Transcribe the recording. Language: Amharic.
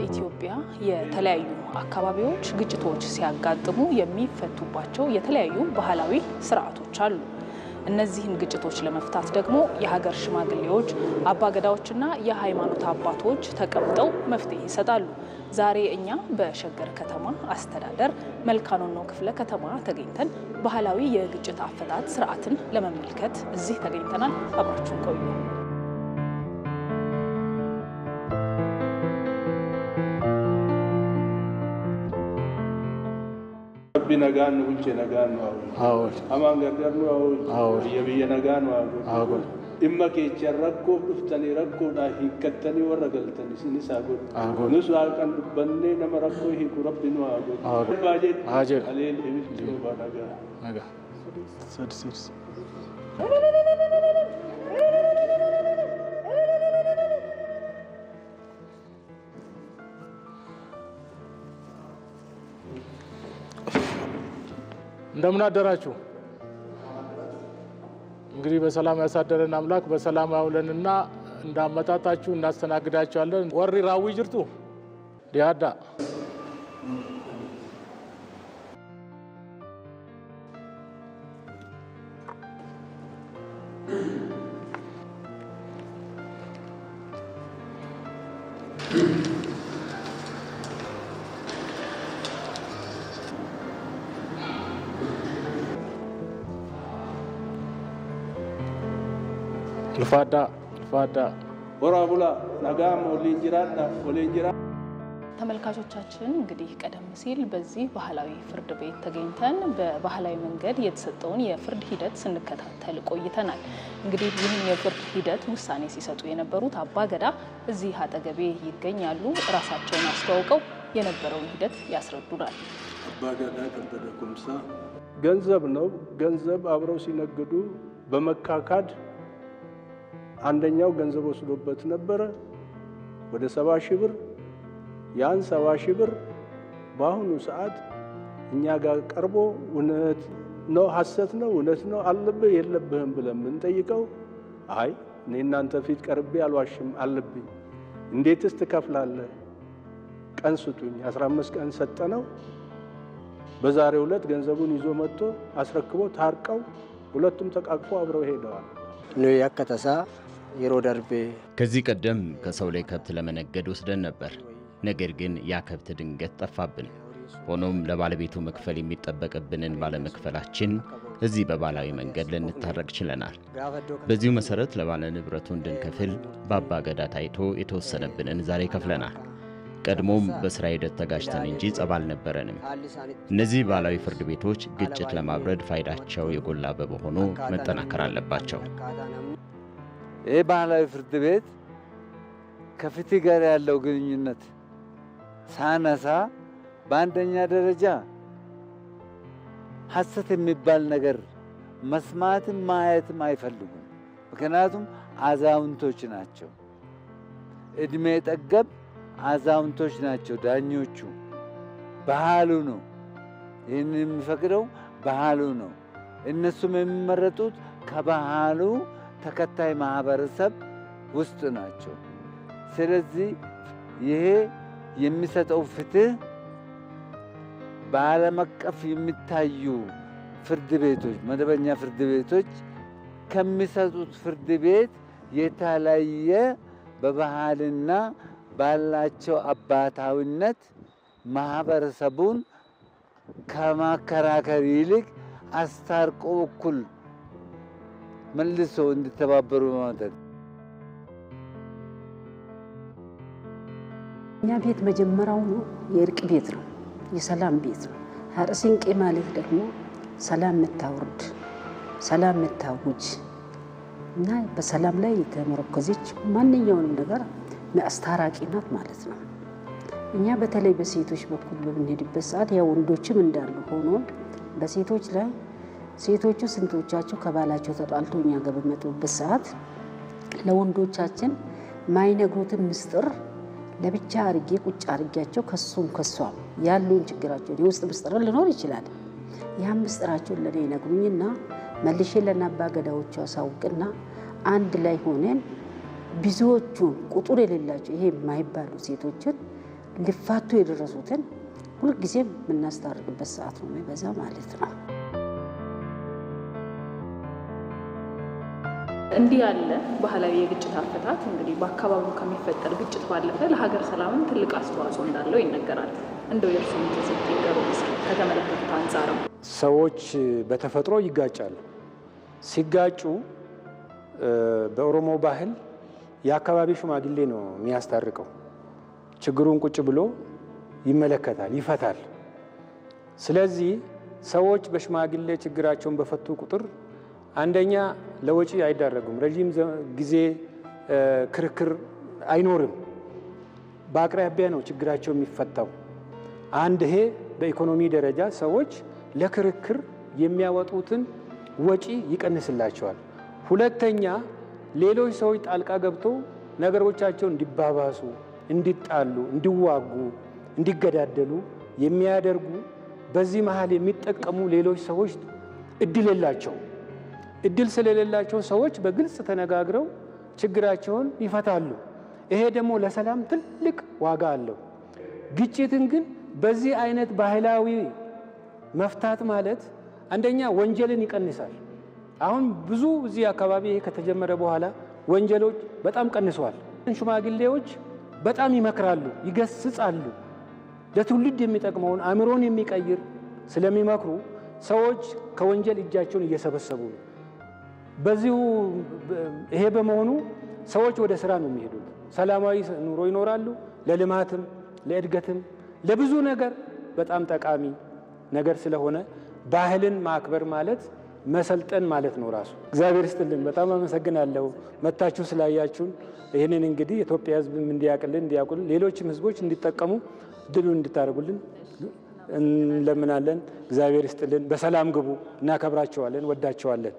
በኢትዮጵያ የተለያዩ አካባቢዎች ግጭቶች ሲያጋጥሙ የሚፈቱባቸው የተለያዩ ባህላዊ ስርዓቶች አሉ። እነዚህን ግጭቶች ለመፍታት ደግሞ የሀገር ሽማግሌዎች፣ አባገዳዎችና የሃይማኖት አባቶች ተቀምጠው መፍትሄ ይሰጣሉ። ዛሬ እኛ በሸገር ከተማ አስተዳደር መልካኖኖ ክፍለ ከተማ ተገኝተን ባህላዊ የግጭት አፈታት ስርዓትን ለመመልከት እዚህ ተገኝተናል። አብራችሁን ቆዩ። binagano kunche nagano awo awo amanga garno awo awo yabiye nagano awo awo imma ke charakko duftani rakko da hikkatani waragaltani sini sagu awo nu sual kan dubanne nam rakko hi kurabinu awo awo baje haje alel evil jo banaga naga sat sat Thank you. እንደምን አደራችሁ። እንግዲህ በሰላም ያሳደረን አምላክ በሰላም ያውለንና እንዳመጣጣችሁ እናስተናግዳችኋለን። ወሪ ራዊ ጅርቱ ዲያዳ Ulfaaddaa, ulfaaddaa ወራቡላ ነጋም ወሊን ጅራና ወሊን ጅራ ተመልካቾቻችን እንግዲህ ቀደም ሲል በዚህ ባህላዊ ፍርድ ቤት ተገኝተን በባህላዊ መንገድ የተሰጠውን የፍርድ ሂደት ስንከታተል ቆይተናል። እንግዲህ ይህን የፍርድ ሂደት ውሳኔ ሲሰጡ የነበሩት አባ ገዳ እዚህ አጠገቤ ይገኛሉ። እራሳቸውን አስተዋውቀው የነበረውን ሂደት ያስረዱናል። አባ ገዳ ከበደ ኩምሳ ገንዘብ ነው። ገንዘብ አብረው ሲነግዱ በመካካድ አንደኛው ገንዘብ ወስዶበት ነበረ ወደ ሰባ ሺህ ብር። ያን ሰባ ሺህ ብር በአሁኑ ሰዓት እኛ ጋር ቀርቦ እውነት ነው ሐሰት ነው እውነት ነው አለብህ የለብህም ብለን የምንጠይቀው አይ እኔ እናንተ ፊት ቀርቤ አልዋሽም አለብኝ። እንዴትስ ትከፍላለህ? ቀን ስጡኝ። አስራ ቀን ሰጠነው። በዛሬው ዕለት ገንዘቡን ይዞ መጥቶ አስረክቦ ታርቀው ሁለቱም ተቃቅፎ አብረው ሄደዋል። ነው ያከተሳ የሮ ደርቤ ከዚህ ቀደም ከሰው ላይ ከብት ለመነገድ ወስደን ነበር። ነገር ግን ያ ከብት ድንገት ጠፋብን። ሆኖም ለባለቤቱ መክፈል የሚጠበቅብንን ባለመክፈላችን እዚህ በባህላዊ መንገድ ልንታረቅ ችለናል። በዚሁ መሰረት ለባለ ንብረቱ እንድንከፍል በአባ ገዳ ታይቶ የተወሰነብንን ዛሬ ከፍለናል። ቀድሞም በሥራ ሂደት ተጋጭተን እንጂ ጸብ አልነበረንም። እነዚህ ባህላዊ ፍርድ ቤቶች ግጭት ለማብረድ ፋይዳቸው የጎላ በመሆኑ መጠናከር አለባቸው። ይሄ ባህላዊ ፍርድ ቤት ከፍትህ ጋር ያለው ግንኙነት ሳነሳ በአንደኛ ደረጃ ሐሰት የሚባል ነገር መስማትም ማየትም አይፈልጉም። ምክንያቱም አዛውንቶች ናቸው፣ እድሜ ጠገብ አዛውንቶች ናቸው ዳኞቹ። ባህሉ ነው ይህን የሚፈቅደው ባህሉ ነው። እነሱም የሚመረጡት ከባህሉ ተከታይ ማህበረሰብ ውስጥ ናቸው። ስለዚህ ይሄ የሚሰጠው ፍትህ በዓለም አቀፍ የሚታዩ ፍርድ ቤቶች መደበኛ ፍርድ ቤቶች ከሚሰጡት ፍርድ ቤት የተለየ በባህልና ባላቸው አባታዊነት ማህበረሰቡን ከማከራከር ይልቅ አስታርቆ እኩል መልሶ እንዲተባበሩ በማድረግ እኛ ቤት መጀመሪያው ነው የእርቅ ቤት ነው፣ የሰላም ቤት ነው። ሀረ ሲንቄ ማለት ደግሞ ሰላም የምታወርድ ሰላም የምታውጅ እና በሰላም ላይ የተመረኮዘች ማንኛውንም ነገር አስታራቂ ናት ማለት ነው። እኛ በተለይ በሴቶች በኩል በምንሄድበት ሰዓት ያው ወንዶችም እንዳሉ ሆኖ በሴቶች ላይ ሴቶቹ ስንቶቻቸው ከባላቸው ተጣልቶ እኛ ጋር በመጡበት ሰዓት ለወንዶቻችን ማይነግሩትን ምስጢር ለብቻ አርጌ ቁጭ አርጌያቸው ከሱም ከሷም ያለውን ችግራቸውን የውስጥ ምስጢር ሊኖር ይችላል። ያም ምስጢራቸውን ለእኔ ይነግሩኝና መልሼ ለናባ ገዳዎቹ አሳውቅና አንድ ላይ ሆነን ብዙዎቹን ቁጥር የሌላቸው ይሄ የማይባሉ ሴቶችን ልፋቱ የደረሱትን ሁልጊዜም የምናስታርቅበት ሰዓት ነው የሚበዛ ማለት ነው። እንዲህ ያለ ባህላዊ የግጭት አፈታት እንግዲህ በአካባቢው ከሚፈጠር ግጭት ባለፈ ለሀገር ሰላምም ትልቅ አስተዋጽኦ እንዳለው ይነገራል። እንደው የእርስዎም ትዝብት ይንገሩ ከተመለከቱት አንጻር። ሰዎች በተፈጥሮ ይጋጫሉ። ሲጋጩ በኦሮሞ ባህል የአካባቢ ሽማግሌ ነው የሚያስታርቀው። ችግሩን ቁጭ ብሎ ይመለከታል፣ ይፈታል። ስለዚህ ሰዎች በሽማግሌ ችግራቸውን በፈቱ ቁጥር አንደኛ ለወጪ አይዳረጉም። ረዥም ጊዜ ክርክር አይኖርም። በአቅራቢያ ነው ችግራቸው የሚፈታው። አንድ ይሄ በኢኮኖሚ ደረጃ ሰዎች ለክርክር የሚያወጡትን ወጪ ይቀንስላቸዋል። ሁለተኛ ሌሎች ሰዎች ጣልቃ ገብቶ ነገሮቻቸው እንዲባባሱ፣ እንዲጣሉ፣ እንዲዋጉ፣ እንዲገዳደሉ የሚያደርጉ በዚህ መሀል የሚጠቀሙ ሌሎች ሰዎች እድል የላቸው እድል ስለሌላቸው ሰዎች በግልጽ ተነጋግረው ችግራቸውን ይፈታሉ። ይሄ ደግሞ ለሰላም ትልቅ ዋጋ አለው። ግጭትን ግን በዚህ አይነት ባህላዊ መፍታት ማለት አንደኛ ወንጀልን ይቀንሳል። አሁን ብዙ እዚህ አካባቢ ይሄ ከተጀመረ በኋላ ወንጀሎች በጣም ቀንሰዋል። ሽማግሌዎች በጣም ይመክራሉ፣ ይገስጻሉ። ለትውልድ የሚጠቅመውን አእምሮን የሚቀይር ስለሚመክሩ ሰዎች ከወንጀል እጃቸውን እየሰበሰቡ ነው። በዚሁ ይሄ በመሆኑ ሰዎች ወደ ስራ ነው የሚሄዱት። ሰላማዊ ኑሮ ይኖራሉ። ለልማትም፣ ለእድገትም፣ ለብዙ ነገር በጣም ጠቃሚ ነገር ስለሆነ ባህልን ማክበር ማለት መሰልጠን ማለት ነው ራሱ። እግዚአብሔር ስጥልን በጣም አመሰግናለሁ መታችሁ ስላያችሁን። ይህንን እንግዲህ የኢትዮጵያ ሕዝብም እንዲያቅልን እንዲያውቁልን፣ ሌሎችም ሕዝቦች እንዲጠቀሙ ድሉ እንድታደርጉልን እንለምናለን። እግዚአብሔር ስጥልን በሰላም ግቡ። እናከብራቸዋለን፣ ወዳቸዋለን።